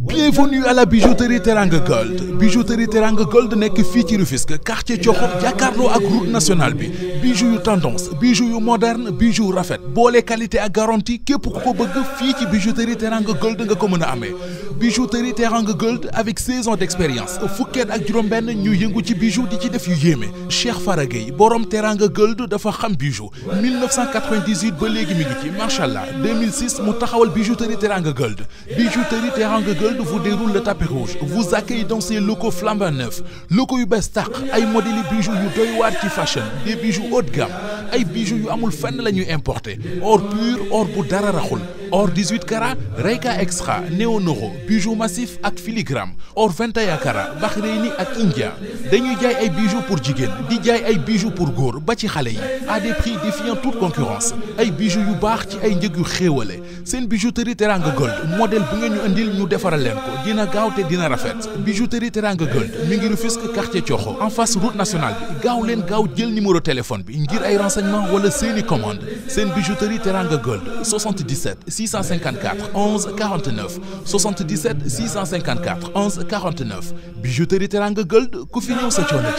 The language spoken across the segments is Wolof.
Bienvenue à la bijouterie Teranga Gold bijouterie Teranga Gold nekk fii ci Rufisque quartier Cioxor jàkkaarloo ak route nationale bi bijoux yu tendance bijoux yu moderne bijoux rafet boole qualité ak garantie képp ku ko bëgg fii ci bijouterie Teranga Gold nga ko mën a amee bijouterie Teranga Gold avec 16 ans d'expérience fukkeet ak juróom-benn ñu yëngu ci bijou di ci def yu yéeme Cheikh Fara Gueye borom Teranga Gold dafa xam bijou 1998 ba léegi mi ngi ci macha allah 2006 mu taxawal bijouterie Teranga Gold bijouterie Teranga Gold vous déroule le tapis rouge vous accueille dans ses locaux flambant neufs locaux yu bees tàq ay modèles bijoux yu doy waar ci fashion des bijoux haut de gamme ay bijoux yu amul fenn la ñuy importé or pur or bu dara raxul. or 18 carats Rayka Extra Neo Noro bijou massif ak filigram or 21 carats Bahreini ak India dañuy jaay ay bijoux pour jigéen di jaay ay bijoux pour góor ba ci xale yi à des prix défiant toute concurrence ay bijoux yu baax ci ay njëg yu xéewale seen bijouterie Teranga Gold modèle bu ngeen ñu indil ñu defara leen dina gaaw te dina rafet bijouterie Teranga Gold mi ngi Rufisque quartier Thioxo en face route nationale gaaw leen gaaw jël numéro téléphone bi ngir ay renseignements wala seeni commande seen bijouterie Teranga Gold 77 654 11 49 77 654 11 49 bijouterie Teranga Gold ku fi ñëw sa coono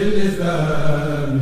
jeex